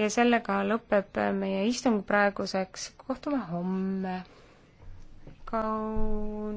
ja sellega lõpeb meie istung praeguseks, kohtume homme. kaun-.